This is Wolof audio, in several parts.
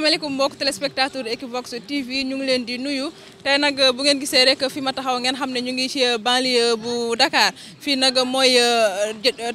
asalaamaaleykum mbokk téléspectateur Equivox TV ñu ngi leen di nuyu tey nag uh, bu ngeen gisee rek uh, fi ma taxaw ngeen xam ne ñu ngi ci uh, banlieue bu dakaar fii nag mooy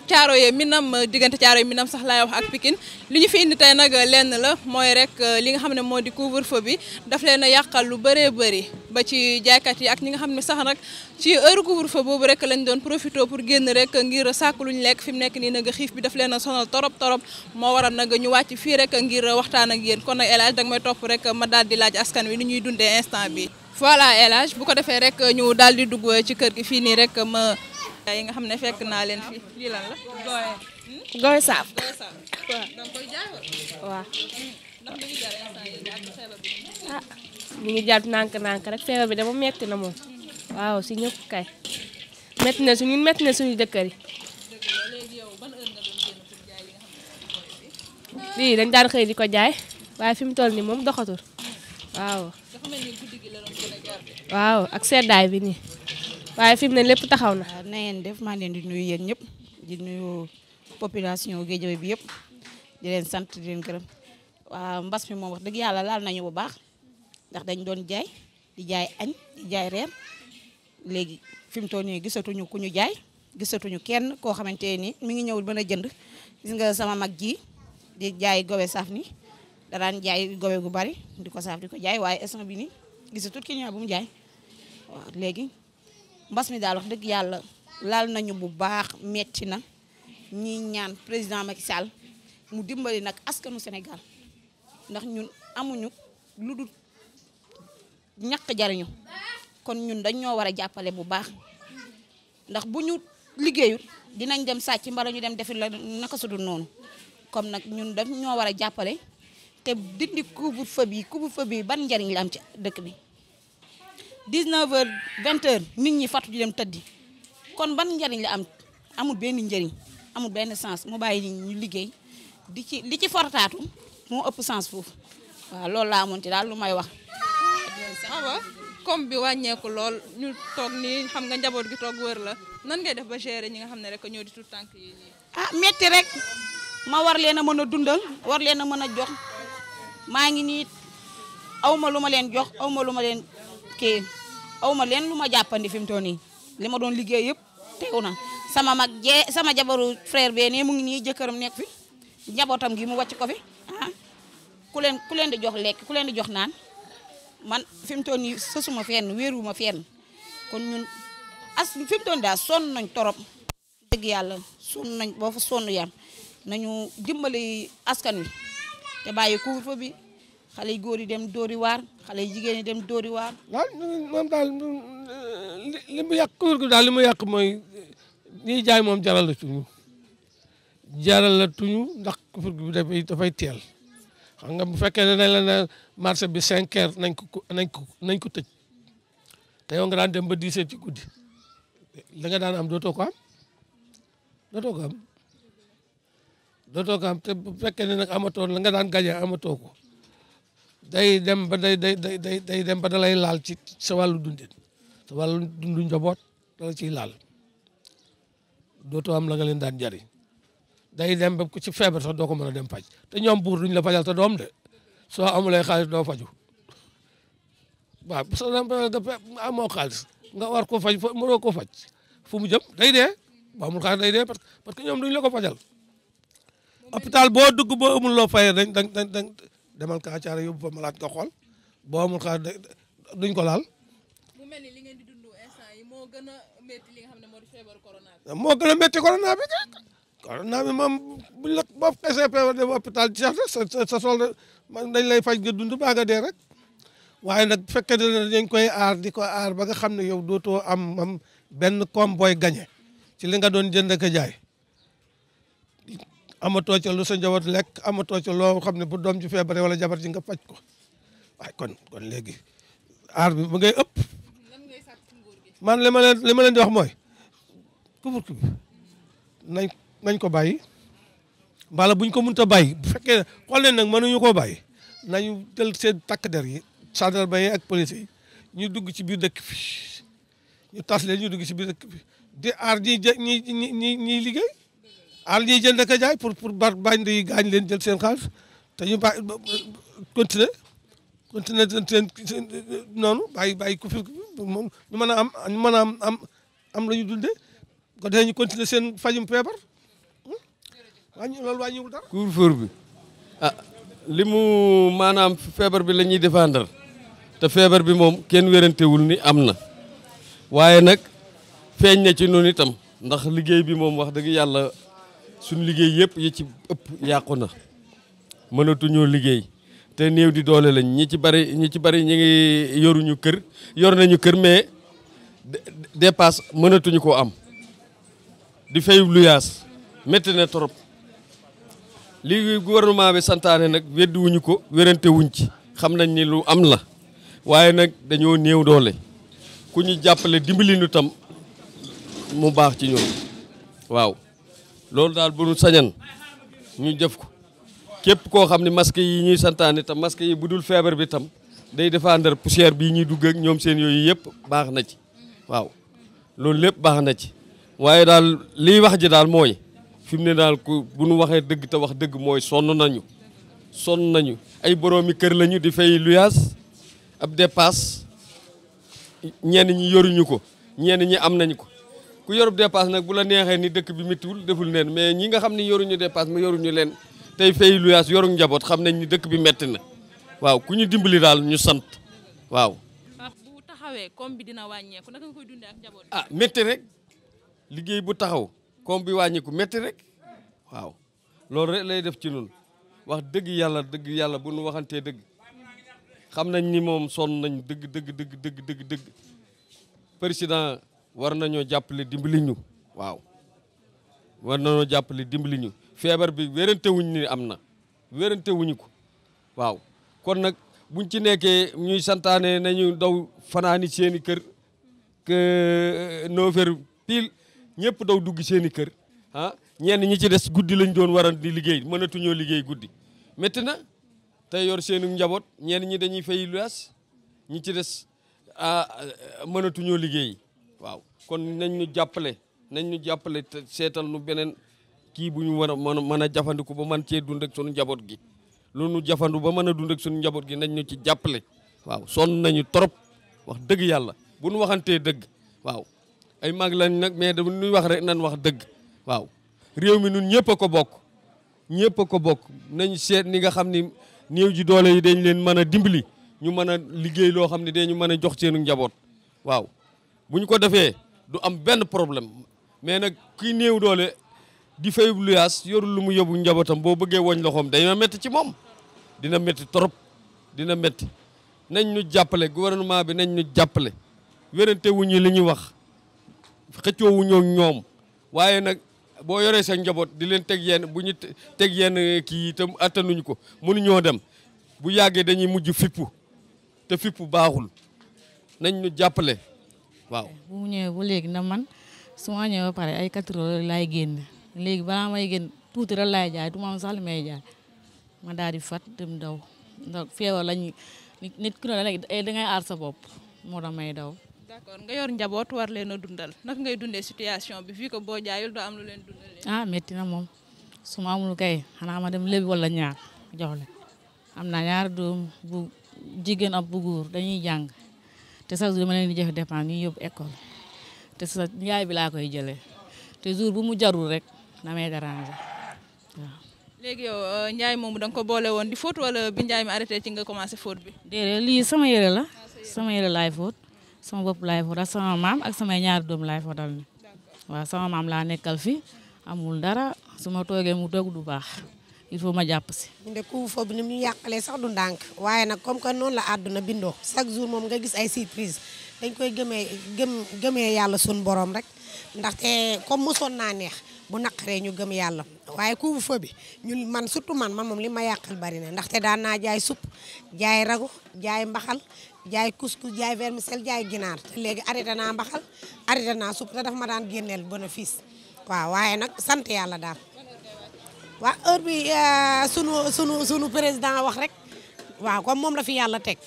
caaro Thiaroye Minam diggante Thiaroye Minam sax laay wax ak Pikine li ñu fi indi tey nag lenn la mooy rek li nga xam ne moo di couvre-feu bi daf leen a yàqal lu bëree bëri ba ci jaaykat yi ak ñi nga xam ne sax nag ci heure couvre-feu boobu rek lañ doon profité pour génn rek ngir sàkk luñ lekk fi mu nekk nii nag xiif bi daf leen a sonal torop torop moo waral nag ñu wàcc fii rek ngir waxtaan ak yéen kon laaj Hadj danga topp rek ma daal di laaj askan wi nu ñuy dundee instant bi voilà El bu ko defee rek ñu daal di dugg ci kër gi fii nii rek ma nga xam ne fekk naa leen fii lii gooy hmm? saaf waaw ah ñu ngi jàpp nank nànk rek feebar bi dama metti na moom waaw si ñëpp kay metti na suñu metti na suñu dëkkër yi lii dañ daan xëy di ko jaay waaye fi mu toll nii moom doxatul waaw. ak seddaay bi nii waaye fi mu ne lépp taxaw na. waaw def maa ngi leen di nuyu yéen ñëpp di nuyu population Guédiawaye bi yëpp di leen sant di leen gërëm waaw mbas mi moom wax dëgg yàlla laal nañu bu baax ndax dañ doon jaay di jaay añ di jaay reer léegi fi mu toll nii gisatuñu ku ñu jaay gisatuñu kenn koo xamante ni mi ngi ñëwul mën a jënd gis nga sama mag ji di jaay gobe saf ni daan jaay gobe gu bari di ko saaf di ko jaay waaye instant bi nii gisatut ki ñëw bu mu jaay waaw léegi mbas mi daal wax dëgg yàlla laal nañu bu baax metti na ñi ñaan président Macky Sall mu dimbali nag askanu Sénégal ndax ñun amuñu lu dul ñàkk jariñu kon ñun dañ ñoo war a jàppale bu baax ndax bu ñu liggéeyul dinañ dem sàcc mbala ñu dem defi la naka sudul noonu comme nag ñun dañ ñoo war a jàppale te dindi couvre-feu bi couvre-feu bi ban njariñ la am ci dëkk bi 19 heures 20 heures nit ñi fat di dem tëddi kon ban njariñ la am amul benn njariñ amul benn sens mu bàyyi ñu liggéey di ci li ci fortaatu moo ëpp sens foofu waaw loolu laa amoon ci daal lu may wax. awa ah comme bi wàññeeku lool ñu toog nii xam nga njaboot gi toog wër la nan ngay def ba gérer ñi nga xam ne rek ñoo di tout tànk yi. a ah, metti rek ma war leen a mën a dundal war leen a mën a jox. maa ngi nii aw ma lu ma leen jox aw ma lu ma leen kii aw ma leen lu ma jàppandi fi mu toll nii li ma doon liggéey yëpp teew na sama mag jee sama jabaru frère bee mu ngi nii jëkkëram nekk fi njabootam gi mu wacc ko fi ah. ku leen ku leen di jox lekk ku leen di jox naan man fi mu toll nii sësuma fenn wéeruma fenn kon ñun as fi mu toll daal sonn nañ torop dëgg yàlla sonn nañ boo fa sonn yam nañu dimbali askan wi te bàyyi couvre-feu bi xale yu góor yi dem dóori waar xale yu jigéen yi dem dóori waar. waaw moom mu yàq couvre gi daal li mu yàq mooy ñiy jaay moom jaral la tuñu jaral la tuñu ndax couvre gi dafay dafay teel xam nga bu fekkee ne la ne marché bi cinq heures nañ ko nañ ko nañ ko tëj te yow nga daan dem ba dix ci guddi la nga daan am dootoo ko am dootoo ko am. dootoo ko am te bu fekkee ne nag amatoo la nga daan gaje amatoo ko day dem ba day day day day dem ba dalay laal ci sa wàllu dundin sa wàllu dundu njaboot dala ci laal dootoo am la nga leen daan jariñ day dem ba ku ci feebar sax doo ko mën a dem faj te ñoom buur duñ la fajal te doom de soo amulee xaalis doo faju waaw soo amoo xaalis nga war ko faj mënoo ko faj fu mu jëm day dee ba amul xaalis day dee parce que ñoom duñ la ko fajal hôpital boo dugg boo amul loo fayee dañ dañ dañ demal kaa caare yóbbu fa malaat nga xool boo amul xaar duñ ko laal. mu mel ni li ngeen di dund instant yi moo gën a métti li nga xam ne moo di feebar corona bi. moo gën a métti corona bi kay. corona bi moom buñ la boo xasee feebar dem hôpital ci sa sa sol dañ lay faj nga dund baa nga dee rek waaye nag bu fekkee ne dañ koy aar di ko aar ba nga xam ne yow dootoo am am benn koom booy gañe ci li nga doon jënd ak jaay. amatoo ca lu sa njaboot lekk amatoo ca loo xam ne bu doom ji feebaree wala jabar ji nga faj ko waaye kon kon léegi aar bi mu ngay ëpp man li ma leen ma di wax mooy couvre-feu bi nañ nañ ko bàyyi mbala buñ ko mënut a bu fekkee xool leen nag mënuñu koo bàyyi nañu jël seen takk der yi gendarme yi ak police yi ñu dugg ci biir dëkk bi ñu tas leen ñu dugg ci biir dëkk bi di aar ñi ñi ñi ñi liggéey àll ñuy jël naka jaay pour pour bañ di gaañ leen jël seen xaalis te ñu ba continuer continuer seen noonu bàyyi bàyyi ku fi moom ñu mën a am ñu mën am am am la ñu dundee ko seen fajum feebar hmm? wàññi loolu wàññiwul dara. bi ah li mu maanaam feebar bi lañuy ñuy défendre te feebar bi moom kenn wérantewul ni am na waaye nag feeñ ne ci noonu itam ndax liggéey bi moom wax dëgg yàlla. suñu liggéey yëpp yi ci ëpp yàqu na mënatuñoo liggéey te néew di doole lañ ñi ci bari ñi ci bari ñu ngi yoruñu kër yor nañu kër mais dépasse mënatuñu ko am di fay luyaas metti na trop li gouvernement bi santaane nag weddi ko wérante wuñ ci xam nañ ni lu am la waaye nag dañoo néew doole ku ñu jàppale dimbali tam mu baax ci ñoom waaw loolu daal bu ñu sañan ñu jëf ko képp koo xam ne masque yi ñuy santaane tam masque yi bu dul feebar bi itam day défendre poussière bii ñuy dugg ak ñoom seen yooyu yëpp baax na ci waaw loolu lépp baax na ci waaye daal liy wax ji daal mooy fi mu ne daal ko bu nu waxee dëgg te wax dëgg mooy sonn nañu sonn nañu ay boroomi kër lañu di fay luyaas ab dépasse ñenn ñi yoruñu ko ñenn ñi am nañu ko ku yorub dépasse nag bu la neexee ni dëkk bi méttiwul deful neen mais ñi nga xam ne yoruñu dépasse mu yoruñu leen tey fay luyaas yoru njaboot xam nañ ni dëkk bi metti na waaw ku ñu dimbali daal ñu sant waaw. bu taxawee koom bi dina wàññeeku naka nga koy dundee ak njaboot ah métti rek liggéey bu taxaw koom bi wàññeeku métti rek waaw loolu rek lay def ci nun wax dëgg yàlla dëgg yàlla bu nu waxantee dëgg xam nañ ni moom sonn nañ dëgg dëgg dëgg dëgg dëgg président. war nañoo jàppale dimbali ñu waaw war nañoo jàppale dimbali ñu feebar bi wérante wuñ ni am na wérante wuñu ko waaw kon nag buñ ci nekkee ñuy santaane nañu daw fanaani seeni kër que neuf heures pile ñëpp daw dugg seeni kër ah ñenn ñi ci des guddi lañ doon war a di liggéey mënatuñoo liggéey guddi métti na tey yor seenu njaboot ñenn ñi dañuy fay luwaas ñi ci des ah, mënatuñoo liggéey waaw kon nañ nu jàppale nañ ñu jàppale seetal nu beneen kii bu ñu mën a mën a jafandiku ba man cee dund ak suñu njaboot gi lu nu jafandu ba mën a dund ak suñu njaboot gi nañ ñu ci jàppale waaw sonn nañu trop wax dëgg yàlla bu nu waxantee dëgg waaw ay mag lañ nag mais da ñuy wax rek nañ wax dëgg waaw réew mi nun ñëpp a ko bokk ñëpp ko bokk nañ seet ni nga xam ni néew ji doole yi dañ leen mën a dimbali ñu mën a liggéey loo xam ne dañu mën a jox seenu njaboot waaw bu ñu ko defee du am benn problème mais nag kii néew doole di fay luyaas yorul lu mu yóbbu njabootam boo bëggee woñ loxoom dina métti ci moom dina métti trop dina métti nañ ñu jàppale gouvernement bi nañ nu jàppale wérante wuñu li ñuy wax xëccoo wuñoo ñoom waaye nag boo yoree sa njaboot di leen teg yenn bu ñu teg yenn kii itam attanuñu ko mënuñoo dem bu yàggee dañuy mujj fippu te fippu baaxul nañ nu jàppale waaw bu mu ñëwee ba léegi na man su ma ba pare ay 4 heures laay génn léegi balaa ma génn tuuti rek laay jaay du ma am sax li may ma daal di fat dem daw ndax feebar lañu nit ku ne la eh, ngay aar sa bopp moo tax may daw. d'accord nga yor njaboot war leen a dundal naka ngay dundee situation bi fii ko boo jaayul doo am lu leen dundal. ah métti na moom suma ma amul kay xanaa ma dem lébi wala ñaar jox leen am na ñaar doom jigéen ak bu góor dañuy te chaque jour dama leen jafe joxe dépense ñu yóbbu école te sa yaay bi laa koy jëlee te jour bu mu jarul rek damay déranger waaw. léegi yow euh, Ndiaye moomu danga ko boole woon di fóot wala bi njaay mi arrêté ci nga commencé fóot bi. déedéet lii sama yére la sama yére laay fóot sama bopp laay fóot ak sama maam ak samay ñaari doom laay fóotal ni waaw sama maam laa nekkal fi amul dara suma ma toogee mu toog du baax. il faut ma jàpp si. de couvre-feu bi ni ñu yàqalee sax du ndànk waaye nag comme que noonu la àdduna bindoo chaque jour moom nga gis ay surprise dañ koy gëmee gëm gëmee yàlla suñu boroom rek ndaxte comme mosoon naa neex bu naqaree ñu gëm yàlla waaye couvre-feu bi ñun man surtout man man moom li ma yàqal bari na ndaxte daan naa jaay supp jaay rago jaay mbaxal jaay couscous jaay vermicelle jaay ginaar te léegi arrêté naa mbaxal arrêté naa supp te dafa ma daan génneel bénéfice waaw waa heure bi euh, sunu sunu sunu président wax rek waaw comme moom la fi yàlla teg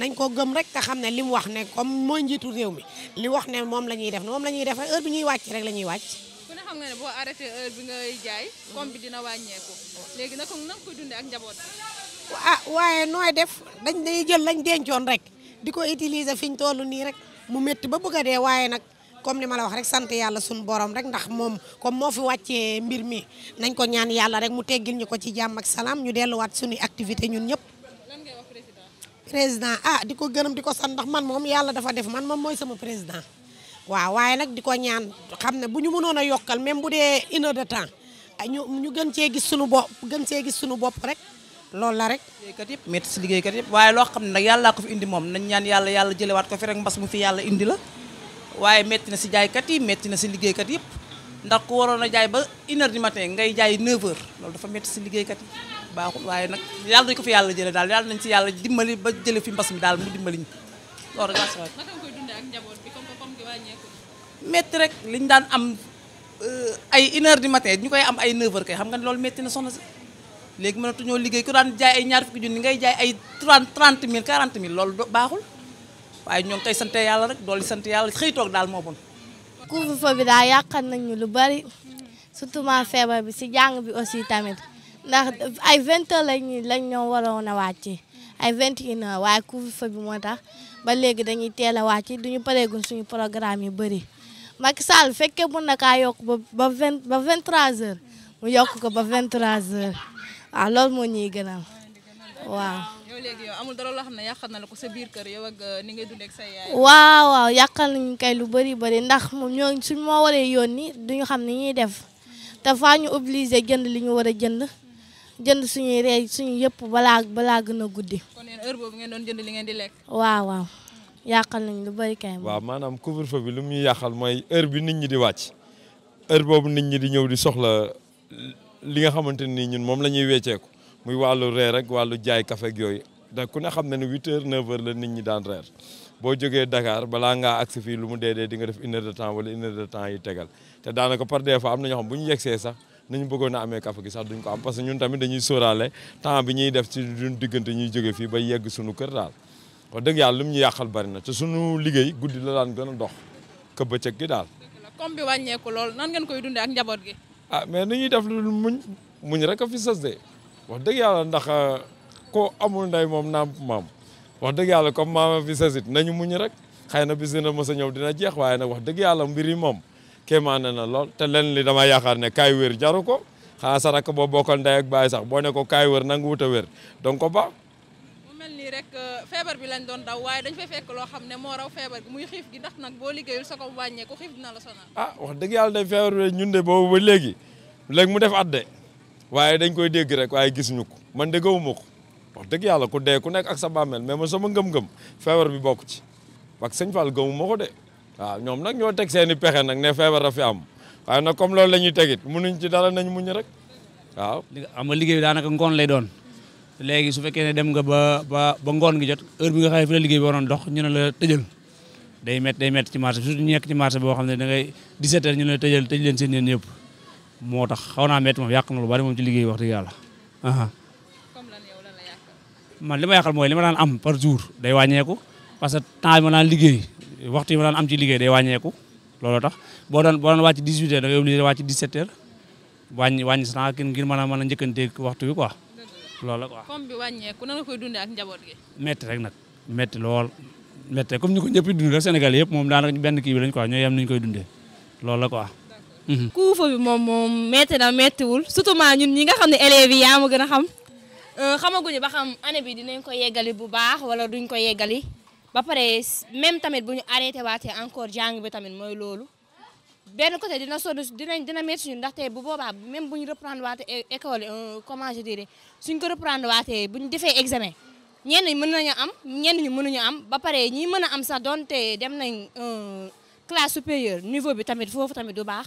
nañ koo gëm rek te xam ne li mu wax ne comme mooy njiitu réew mi li wax ne moom la ñuy def moom la ñuy def heure bi ñuy wàcc rek la ñuy wàcc. ku ne ne boo arrêté bi ngay jaay. koom bi dina wàññeeku. léegi nag na nga koy dundee ak njaboot. ah waaye nooy def dañ day jël lañ dencoon rek di ko utiliser fi ñu toll nii rek mu métti ba bëgg a waaye nag. comme li ma la wax rek sant yàlla suñu borom rek ndax moom comme moo fi wàccee mbir mi nañ ko ñaan yàlla rek mu teggil ñu ko ci jàmm ak salaam ñu delluwaat suñu activité ñun ñëpp. lan ngay président. ah di ko gërëm di ko sant ndax man moom yàlla dafa def man moom mooy sama président. waaw waaye nag di ko ñaan xam ne bu ñu mënoon a yokkal même bu dee une de temps ah, ñu ñu gën cee gis suñu bopp gën cee gis suñu bopp rek loolu la rek. liggéeykat yëpp métti si liggéeykat yëpp waaye loo xam ne nag yàllaa ko fi moom nañ ñaan yàlla yàlla jëlewaat ko fi rek mbas fi yàlla indi la waaye metti na si jaaykat yi metti na si liggéeykat yëpp ndax ku waroon a jaay ba une heure du matin ngay jaay 9 heures loolu dafa metti si liggéeykat yi baaxul waaye nag yàlla nañu ko fi yàlla jële daal yàlla nañ si yàlla dimbali ba jële fi mbas mi daal mu dimbali ñu loolu rek laa koy dundee ak daan am euh, ay une heure du ñu koy am ay 9 heures kay xam nga ne loolu metti na soxna si léegi mënatuñoo liggéey ku daan jaay ay ñaar fukki junni ngay jaay ay 30 30 mille 40 mille loolu baaxul waaye ñoo ngi koy sante yàlla rek doolu sant yàlla xëytoo toog daal moo bon. couvre-feu bi daal yàqal nañu lu bari surtout ma feebar bi si jàng bi aussi tamit ndax ay vingt heures lañ lañ ñoo waroon a wàcci ay vingt et une heures waaye couvre-feu bi moo tax ba léegi dañuy teel a wàcc duñu pareegul suñu programme yu bëri Macky Sall fekkee mën na kaa yokk ba ba vingt ba vingt trois heures mu yokk ko ba vingt trois heures waaw loolu moo ñuy gënal waaw. waaw waaw yàqal nañu kay lu bëri bari ndax moom ñoo suñ moo waree yónni duñu xam ni ñuy def te faa ñu obligé jënd li ñu war a jënd jënd suñuy rey suñu yëpp balaa balaa gën a guddi. kon heure boobu ngeen doon jënd li ngeen lekk. waaw waaw yàqal nañu lu bëri kay. waaw maanaam couvre-feu bi lu mu ñuy yàqal mooy heure bi nit ñi di wàcc heure boobu nit ñi di ñëw di soxla li nga xamante ni ñun moom la ñuy wecceeku. muy wàllu reer ak wàllu jaay kafe ak yooyu da ku Dakar balaa ngaa agsi fii lu mu di nga def une heure de temps wala une heure de temps te daanaka par des fois na ñu yegsee sax nañu bëggoon a amee kafe gi sax duñ ko am parce ñu yàqal bari te suñu liggéey guddi la daan gën a dox ka gi daal ah, a fi wax dëgg yàlla ndax euh, ko amul ndey moom naam maam wax dëgg yàlla comme maama fi sasit nañu muñ rek xëy na bis dina mos a ñëw dina jeex waaye nag wax dëgg yàlla mbir yi moom kéemaane na lool te len li dama yaakaar ne kaay wér jaru ko xanaa sa rakk boo bokkal ndey sax boo ne ko kaay wér nangu wut a wér donc ko ba rek euh, feebar bi lañ doon daw waaye dañ fay fekk loo xam ne moo raw ah, wax dëgg yàlla day feebar bi ñun de léegi léegi mu def at waaye dañ koy dégg rek waaye gisuñu ko man déggawuma ko wax dëgg yàlla ku dee ku nekk ak sa bàmmeel mais man sama ngëm-ngëm feebar bi bokk ci wax sëñ Fall gëmuma ko de waaw ñoom nag ñoo teg seen i pexe nag ne feebar a fi am waaye nag comme loolu la ñuy tegit munuñ ci dara nañ muñ rek waaw. am nga liggéey bi daanaka ngoon lay doon léegi su fekkee ne dem nga ba ba ba ngoon gi jot heure bi nga xam ne fi la liggéey bi waroon dox ñu ne la tëjal day métti day métti ci marché bi surtout ñu nekk ci marché boo xam ne da ngay 17 heures ñu ne la tëjal tëj leen seen yéen moo tax xaw naa métti moom yàq na lu bari moom ci liggéey wax dëgg yàlla. comme man li ma yàqal mooy li ma daan am par jour day wàññeeku parce que temps yi ma daan liggéey waxtu yi ma daan am ci liggéey day wàññeeku looloo tax boo doon boo doon wàcc 18 heures da ngay obligé wàcc 17 heures wàññi wàññi sa temps ngir mën a mën a njëkkanteeg waxtu bi quoi. loolu la quoi comme wàññeeku nan nga koy njaboot gi. rek nag métti lool métti comme ni ko ñëpp di yëpp moom daanaka benn kii bi lañ quoi ñooy yem ni ñu koy dundee loolu la quoi couvre-feu mhm. moom moom métti na méttiwul surtout maa ñun ñi nga xam ne élèves yi yaa ma gën a xam euh, xamaguñu ba xam année bi dinañ ko yeggali bu baax wala duñ ko yeggali ba pare même tamit bu ñu arrêté waatee encore jàng bi tamit mooy loolu benn côté dina sonn dinañ dina métti ñun ndaxte bu boobaa même bu ñu reprendre waatee école euh, comment je dirais suñ ko reprendre waatee bu ñu defee examen ñenn ñi mën nañu am ñenn ñi mënuñu am ba pare ñi mën a am sax doonte dem nañ euh, classe supérieure niveau bi tamit foofu tamit du baax.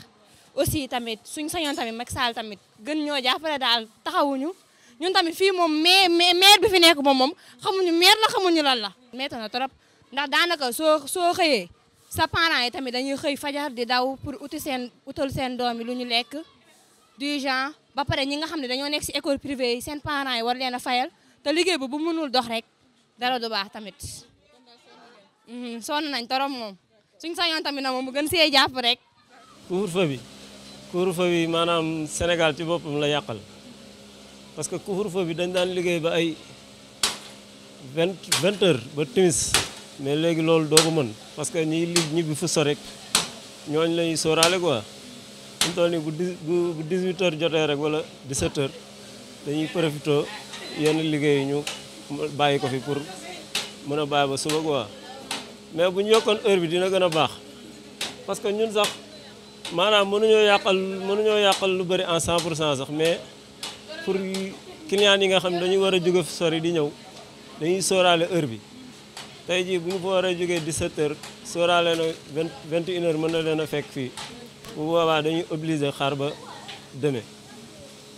aussi tamit suñ sañoon tamit Macky Sall tamit gën ñoo jàppale daal taxawuñu ñun tamit fii moom mais maire bi fi nekk moom moom xamuñu maire la xamuñu lan la. métti na trop ndax daanaka soo soo xëyee sa parents yi tamit dañuy xëy fajar di daw pour uti seen utal seen doom yi lu ñu lekk du genre ba pare ñi nga xam ne dañoo nekk si école privée yi seen parents yi war leen a fayal te liggéey bu bu mënul dox rek dara du baax tamit mhm, sonn nañ trop moom suñ sañoon tamit na moom bu gën see jàpp rek. couvre-feu bi. couvre-feu bi maanaam Sénégal ci boppam la yàqal parce que couvre bi dañ daan liggéey ba ay vingt vingt heures ba timis mais léegi loolu doo ko mën parce que ñi li ñibbi fu so rek ñooñ la ñuy sóoraale quoi fi mu bu dix bu dix huit heures jotee rek wala dix sept dañuy profité yenn liggéey ñu bàyyi ko fi pour mën a bàyyi ba suba quoi mais bu ñu yokkoon heure bi dina gën a baax parce ñun sax. maanaam mënuñoo yàqal mënuñoo yàqal lu bëri en 100 pour cent sax mais pour client yi nga xam ne dañuy war a jóge fu sori di ñëw dañuy sóoraale heure bi tey jii bu ñu fa war a jógee 17 heures sóoraale na 20 21 heures mën na leen a fekk fii bu boobaa dañuy obligé xaar ba deme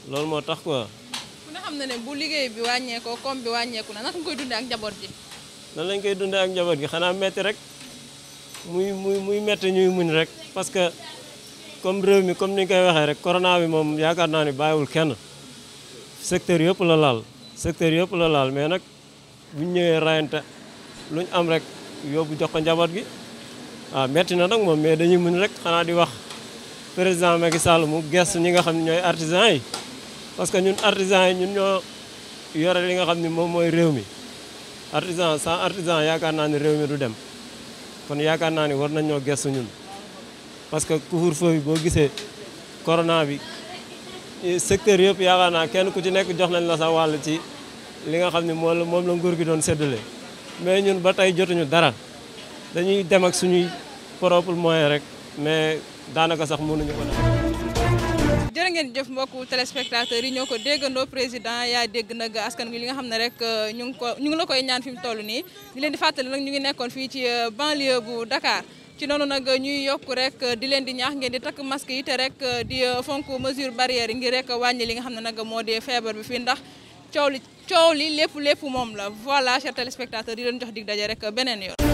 loolu moo tax quoi. ku na ne bu liggéey bi wàññeekoo kom bi wàññeeku na naka nga koy dundee ak njaboot gi. nan lañ koy dundee ak njaboot gi xanaa metti rek muy muy muy metti ñuy muñ rek comme réew mi comme ni koy waxee rek corona bi moom yaakaar naa ni bàyyiwul kenn secteur yëpp la laal secteur yëpp la laal mais nag bu ñu ñëwee rayante lu ñu am rek yóbbu jox ko njaboot gi waaw metti na nag moom mais dañuy mën rek xanaa di wax président Macky Sall mu gestu ñi nga xam ne ñooy artisans yi parce que ñun artisans yi ñun ñoo yore li nga xam ne moom mooy réew mi artisan sans artisan yaakaar naa ni réew mi du dem kon yaakaar naa ni war nañoo gestu ñun parce que couvre-feu boo gisee corona bi eh, secteur yëpp yaakaar naa kenn ku ci nekk jox nañ la sa wàll ci li nga xam ne moom la moom la nguur gi doon seddale mais ñun ba tey jotuñu dara dañuy dem ak suñuy propre moyen rek mais daanaka sax mënuñu ko def. jërë ngeen jëf mbokku téléspectateurs yi ñoo ko déggandoo président yaa dégg nag askan wi li nga xam ne rek euh, ñu ngi ko ñu ngi la koy ñaan fi mu toll nii ñu leen di fàttali nag ñu ngi nekkoon fii ci euh, banlieue bu Dakar. ci noonu nag ñuy yokk rek di leen di ñaax ngeen di takk masque yi te rek di fonk mesure barrière yi ngir rek wàññi li nga xam ne nag moo di feebar bi fii ndax coow li coow li lépp lépp moom la voilà chers téléspectateurs di leen jox dig daje rek beneen yoon.